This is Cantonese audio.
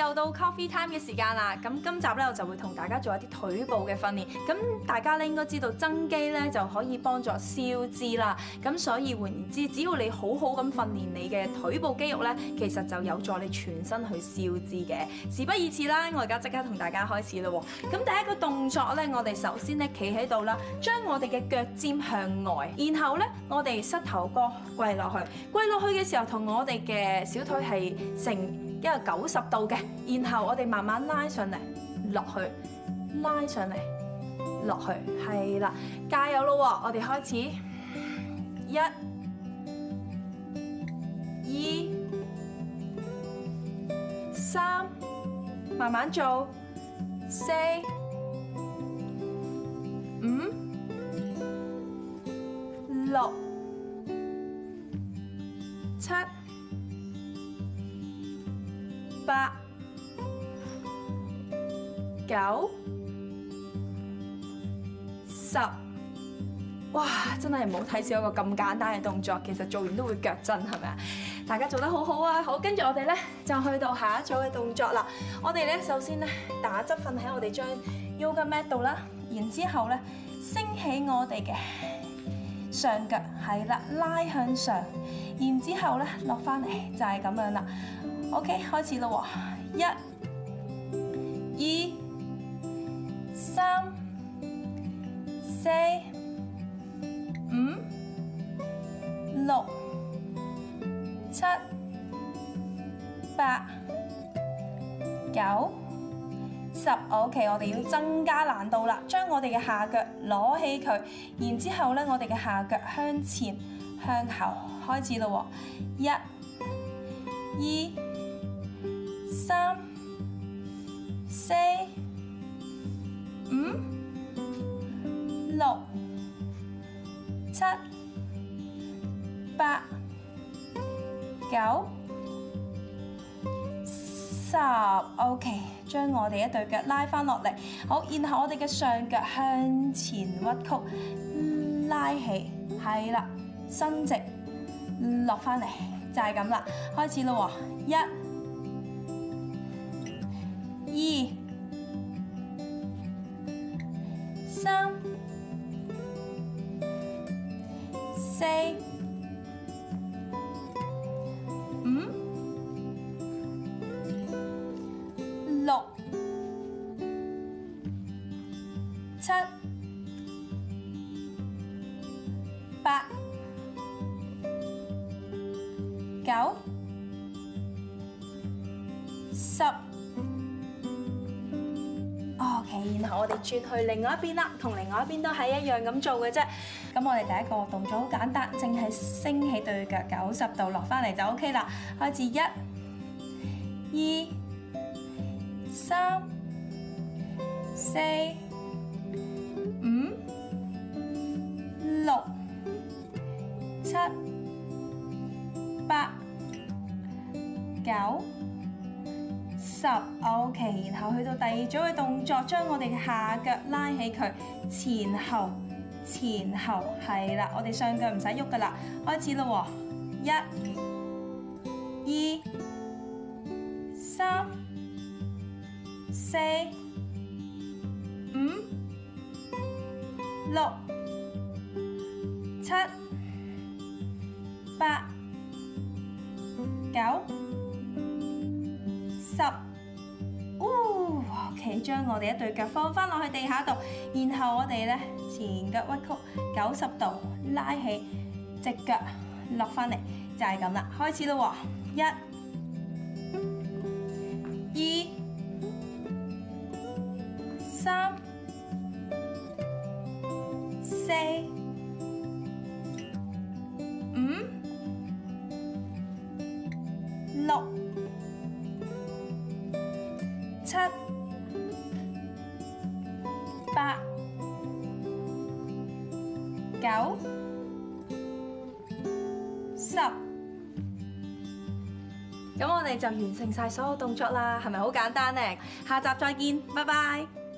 又到 coffee time 嘅時間啦，咁今集呢，我就會同大家做一啲腿部嘅訓練。咁大家咧應該知道增肌呢就可以幫助消脂啦。咁所以換言之，只要你好好咁訓練你嘅腿部肌肉呢，其實就有助你全身去消脂嘅。事不宜遲啦，我而家即刻同大家開始啦喎。咁第一個動作呢，我哋首先咧企喺度啦，將我哋嘅腳尖向外，然後呢，我哋膝頭哥跪落去，跪落去嘅時候同我哋嘅小腿係成一個九十度嘅，然後我哋慢慢拉上嚟，落去，拉上嚟，落去，係啦，加油咯！我哋開始，一、二、三，慢慢做，四、五、六、七。八九十，哇！真係唔好睇少一個咁簡單嘅動作，其實做完都會腳震，係咪啊？大家做得好好啊！好，跟住我哋咧就去到下一組嘅動作啦。我哋咧首先咧打側瞓喺我哋張 yoga mat 度啦，然之後咧升起我哋嘅。上腳，係啦，拉向上，然之後咧落翻嚟就係咁樣啦。OK，開始咯喎，一、二、三、四、五、六、七、八、九。十 OK，我哋要增加難度啦，將我哋嘅下腳攞起佢，然之後咧，我哋嘅下腳向前向後開始咯，一、二、三、四、五、六、七、八、九。十，OK，將我哋一對腳拉翻落嚟。好，然後我哋嘅上腳向前屈曲，拉起，係啦，伸直，落翻嚟，就係咁啦，開始咯，一、二、三、四。八、九、十，OK。然後我哋轉去另外一邊啦，同另外一邊都係一樣咁做嘅啫。咁我哋第一個動作好簡單，淨係升起對腳九十度，落翻嚟就 OK 啦。開始，一、二、三、四。九十，OK，然後去到第二組嘅動作，將我哋嘅下腳拉起佢，前後前後係啦，我哋上腳唔使喐㗎啦，開始啦，一、二、三、四、五、六、七、八、九。十，哦，OK，將我哋一對腳放翻落去地下度，然後我哋呢前腳屈曲九十度，拉起隻腳落翻嚟，就係咁啦，開始咯，一、二、三、四、五、六。七、八、九、十，咁我哋就完成晒所有動作啦，係咪好簡單呢？下集再見，拜拜。